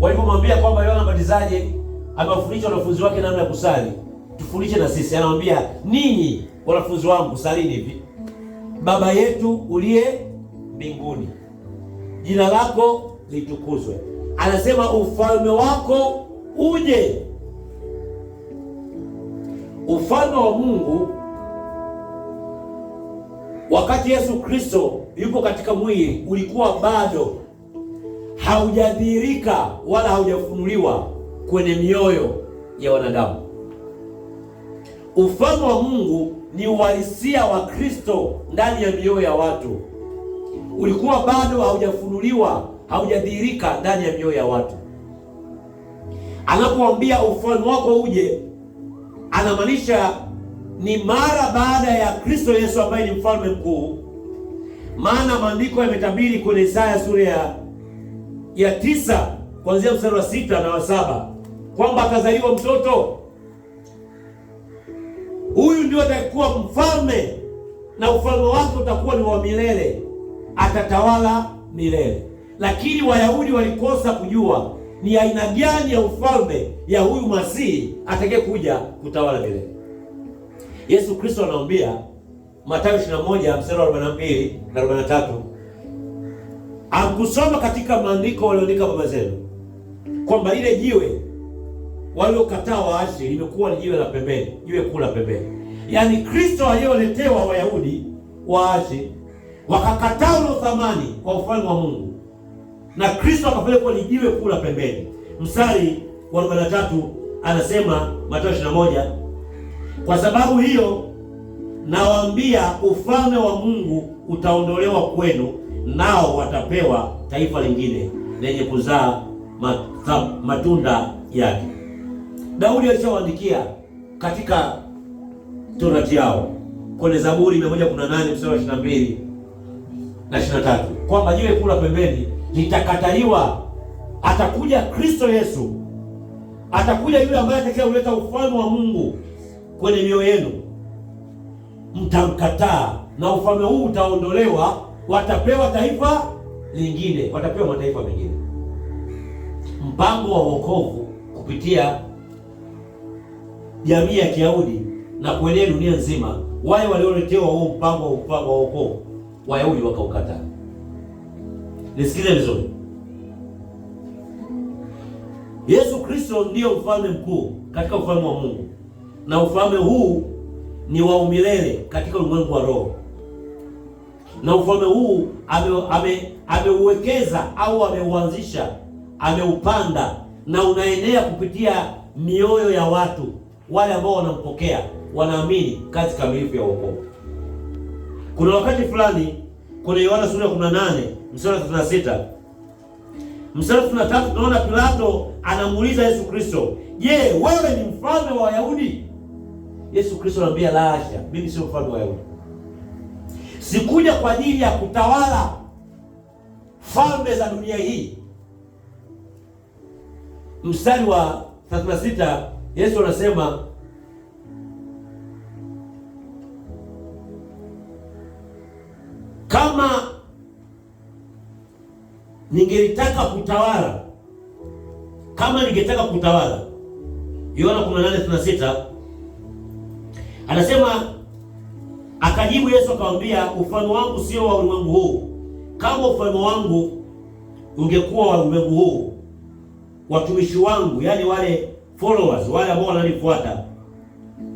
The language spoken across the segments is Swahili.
walipomwambia kwamba Yohana Mbatizaji amewafundisha wanafunzi wake namna ya kusali, tufundishe na sisi. Anamwambia, ninyi wanafunzi wangu, salini hivi: Baba yetu uliye mbinguni, jina lako litukuzwe. Anasema ufalme wako uje. Ufalme wa Mungu wakati Yesu Kristo yupo katika mwili ulikuwa bado haujadhihirika wala haujafunuliwa kwenye mioyo ya wanadamu. Ufalme wa Mungu ni uhalisia wa Kristo ndani ya mioyo ya watu, ulikuwa bado haujafunuliwa, haujadhihirika ndani ya mioyo ya watu. Anapoambia ufalme wako uje, anamaanisha ni mara baada ya Kristo Yesu ambaye ni mfalme mkuu, maana maandiko yametabiri kwenye Isaya sura ya ya tisa kuanzia mstari wa sita na wa saba kwamba atazaliwa mtoto huyu, ndio atakuwa mfalme na ufalme wake utakuwa ni wa milele, atatawala milele. Lakini Wayahudi walikosa kujua ni aina gani ya ufalme ya huyu masihi atakaye kuja kutawala milele. Yesu Kristo anawaambia Mathayo 21 mstari wa 42 na 43 akusoma katika maandiko walioandika baba zenu kwamba ile jiwe waliokataa waashi limekuwa ni jiwe la pembeni, jiwe kuu la pembeni. Yaani Kristo aliyoletewa Wayahudi waashi wakakataa ule uthamani kwa ufalme wa Mungu, na Kristo akapelekwa ni jiwe kuu la pembeni. Mstari wa arobaini na tatu anasema Mathayo moja kwa sababu hiyo nawaambia ufalme wa Mungu utaondolewa kwenu nao watapewa taifa lingine lenye kuzaa matunda yake. Daudi alishawaandikia katika torati yao kwenye Zaburi 118 mstari wa 22 na 23 kwamba jiwe kula pembeni litakataliwa, atakuja Kristo Yesu, atakuja yule ambaye kuleta ufalme wa Mungu kwenye mioyo yenu, mtamkataa na ufalme huu utaondolewa watapewa taifa lingine, watapewa mataifa mengine. Mpango wa wokovu kupitia jamii ya Kiyahudi na kuenea dunia nzima, wale walioletewa huo mpango mpango wa wokovu, Wayahudi wakaukata. Nisikize vizuri, Yesu Kristo ndiyo mfalme mkuu katika ufalme wa Mungu, na ufalme huu ni wa umilele katika ulimwengu wa roho na ufalme huu ameuwekeza, ame, ame au ameuanzisha, ameupanda na unaenea kupitia mioyo ya watu wale ambao wanampokea, wanaamini kazi kamilifu ya wokovu. Kuna wakati fulani, kuna Yohana sura ya 18 mstari wa 36 mstari wa 33, tunaona Pilato anamuuliza Yesu Kristo, je, wewe ni mfalme wa Wayahudi? Yesu Kristo anamwambia la hasha, mimi sio mfalme wa Wayahudi sikuja kwa ajili ya kutawala falme za dunia hii. Mstari wa 36 Yesu anasema kama ningetaka kutawala, kama ningetaka kutawala, Yohana 18:36 anasema Akajibu Yesu akamwambia, ufalme wangu sio wa ulimwengu huu. Kama ufalme wangu ungekuwa wa ulimwengu huu, watumishi wangu, yaani wale followers, wale ambao wananifuata,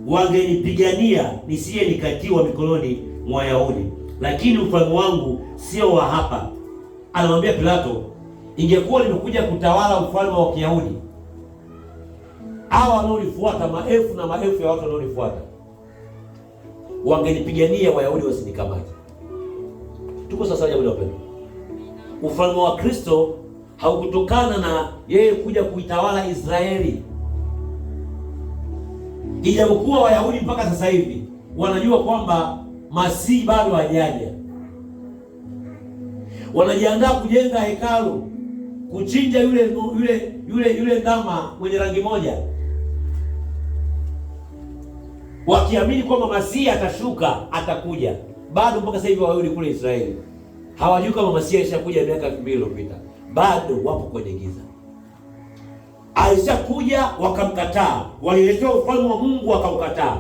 wangenipigania nisiye nikatiwa mikononi mwa Wayahudi, lakini ufalme wangu sio wa hapa. Anamwambia Pilato, ingekuwa nimekuja kutawala ufalme wa Kiyahudi, hawa wanaonifuata, maelfu na maelfu ya watu wanaonifuata wangenipigania Wayahudi wasinikamate. Tuko sasa jambo la pili. Ufalme wa Kristo haukutokana na yeye kuja kuitawala Israeli, ijapokuwa Wayahudi mpaka sasa hivi wanajua kwamba Masihi bado hajaja. Wanajiandaa kujenga hekalu, kuchinja yule yule yule yule ndama mwenye rangi moja wakiamini kwamba Masia atashuka atakuja. Bado mpaka sasa hivi Wayahudi kule Israeli hawajui kama Masia alishakuja miaka elfu mbili iliyopita, bado wapo kwenye giza. Alishakuja wakamkataa, waliletewa ufalme wa Mungu wakaukataa,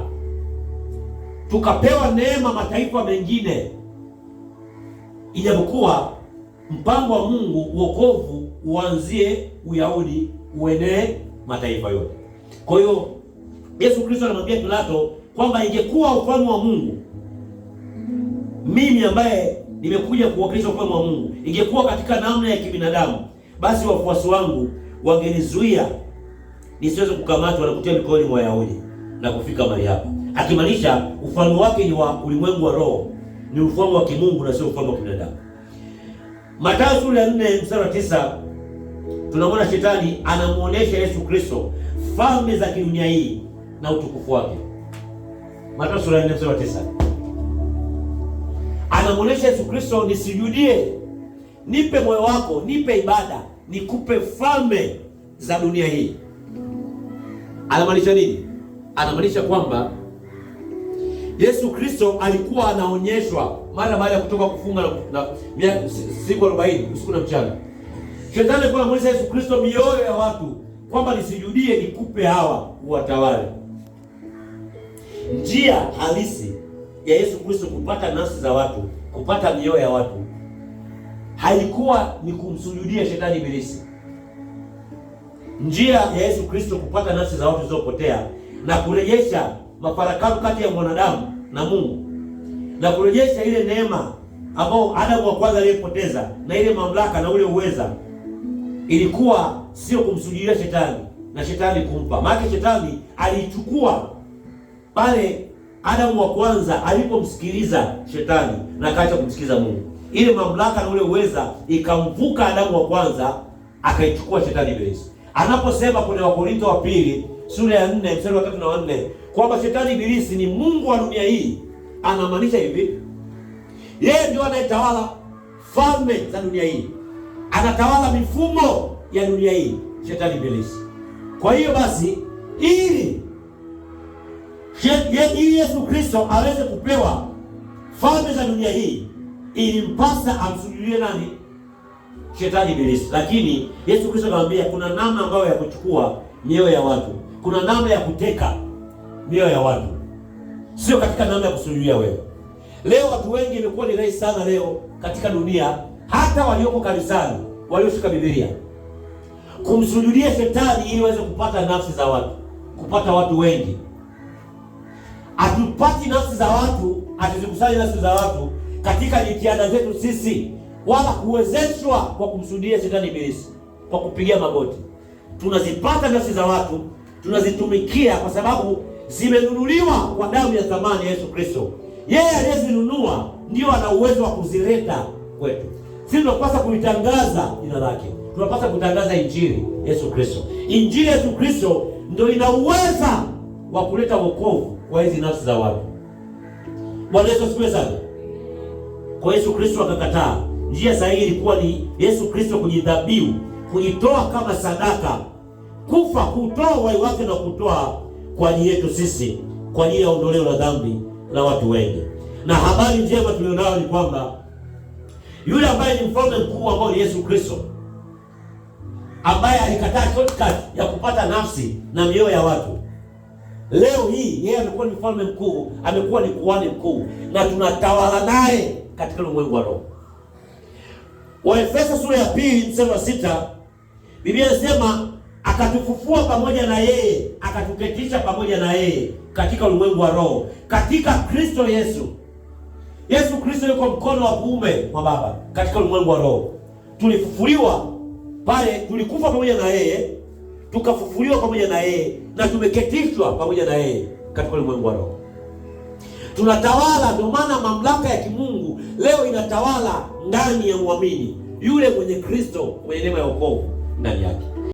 tukapewa neema mataifa mengine, ijapokuwa mpango wa Mungu uokovu uanzie Uyahudi uenee mataifa yote. Kwa hiyo Yesu Kristo anamwambia Pilato kwamba ingekuwa ufalme wa Mungu, mimi ambaye nimekuja kuwakilisha ufalme wa Mungu, ingekuwa katika namna ya kibinadamu, basi wafuasi wangu wangenizuia nisiweze kukamatwa na kutia mikononi mwa Wayahudi na kufika mahali hapa. Akimaanisha ufalme wake ni wa ulimwengu wa roho, ni ufalme wa kimungu na sio ufalme wa kibinadamu. Mathayo sura ya 4 mstari wa 9 tunamwona shetani anamuonesha Yesu Kristo falme za kidunia hii na utukufu wake. Mathayo sura ya 4 mstari wa 9. Anamwonyesha Yesu Kristo, nisijudie, nipe moyo wako, nipe ibada, nikupe falme za dunia hii. Anamaanisha nini? Anamaanisha kwamba Yesu Kristo alikuwa anaonyeshwa mara baada ya kutoka kufunga na siku arobaini usiku na mchana. Shetani alikuwa anamuonyesha Yesu Kristo mioyo ya watu kwamba nisijudie, nikupe hawa watawale njia halisi ya Yesu Kristo kupata nafsi za watu, kupata mioyo ya watu haikuwa ni kumsujudia shetani ibilisi. Njia ya Yesu Kristo kupata nafsi za watu zilizopotea na kurejesha mafarakano kati ya mwanadamu na Mungu na kurejesha ile neema ambayo Adamu wa kwanza aliyepoteza na ile mamlaka na ule uweza, ilikuwa sio kumsujudia shetani na shetani kumpa, maana shetani alichukua pale Adamu wa kwanza alipomsikiliza shetani na kaacha kumsikiliza Mungu, ile mamlaka na ule uweza ikamvuka Adamu wa kwanza akaichukua shetani Ibilisi. Anaposema kwenye Wakorintho wa pili sura ya 4 mstari wa 3 na 4 kwamba shetani Ibilisi ni mungu wa dunia hii, anamaanisha hivi, yeye ndio anayetawala falme za dunia hii, anatawala mifumo ya dunia hii, shetani Ibilisi. Kwa hiyo basi ili ili Yesu Kristo aweze kupewa falme za dunia hii, ilimpasa amsujudie nani? Shetani, Ibilisi. Lakini Yesu Kristo akamwambia kuna namna ambayo ya kuchukua mioyo ya watu, kuna namna ya kuteka mioyo ya watu, sio katika namna ya kusujudia wewe. Leo watu wengi, imekuwa ni rahisi sana leo katika dunia, hata walioko kanisani, walioshika Biblia, kumsujudia shetani ili waweze kupata nafsi za watu, kupata watu wengi hatupati nafsi za watu, hatuzikusanye nafsi za watu katika jitihada zetu sisi, wala kuwezeshwa kwa kumsudia shetani ibilisi kwa kupigia magoti. Tunazipata nafsi za watu, tunazitumikia kwa sababu zimenunuliwa kwa damu ya thamani ya Yesu Kristo. Yeye aliyezinunua ndio ana uwezo wa kuzileta kwetu sisi. Tunapaswa kulitangaza jina lake, tunapaswa kutangaza injili Yesu Kristo. Injili Yesu Kristo ndio inaweza wa kuleta wokovu kwa hizi nafsi za watu. Bwana Yesu asifiwe sana. Kwa Yesu Kristo akakataa. Njia sahihi ilikuwa ni Yesu Kristo kujidhabihu, kujitoa kama sadaka, kufa, kutoa uhai wake na kutoa kwa ajili yetu sisi, kwa ajili ya ondoleo la dhambi la watu wengi. Na habari njema tulionayo ni kwamba yule ambaye ni mfalme mkuu ambao ni Yesu Kristo, ambaye alikataa shortcut ya kupata nafsi na mioyo ya watu Leo hii yeye amekuwa ni mfalme mkuu, amekuwa ni kuhani mkuu, na tunatawala naye katika ulimwengu wa roho. Waefeso sura ya pili mstari wa sita Biblia inasema akatufufua pamoja na yeye, akatuketisha pamoja na yeye katika ulimwengu wa roho, katika Kristo Yesu. Yesu Kristo yuko mkono wa kuume wa Baba katika ulimwengu wa roho. Tulifufuliwa pale, tulikufa pamoja na yeye tukafufuliwa pamoja na yeye na tumeketishwa pamoja na yeye katika ulimwengu wa roho. Tunatawala. Ndio maana mamlaka ya kimungu leo inatawala ndani ya mwamini yule mwenye Kristo, mwenye neema ya wokovu ndani yake.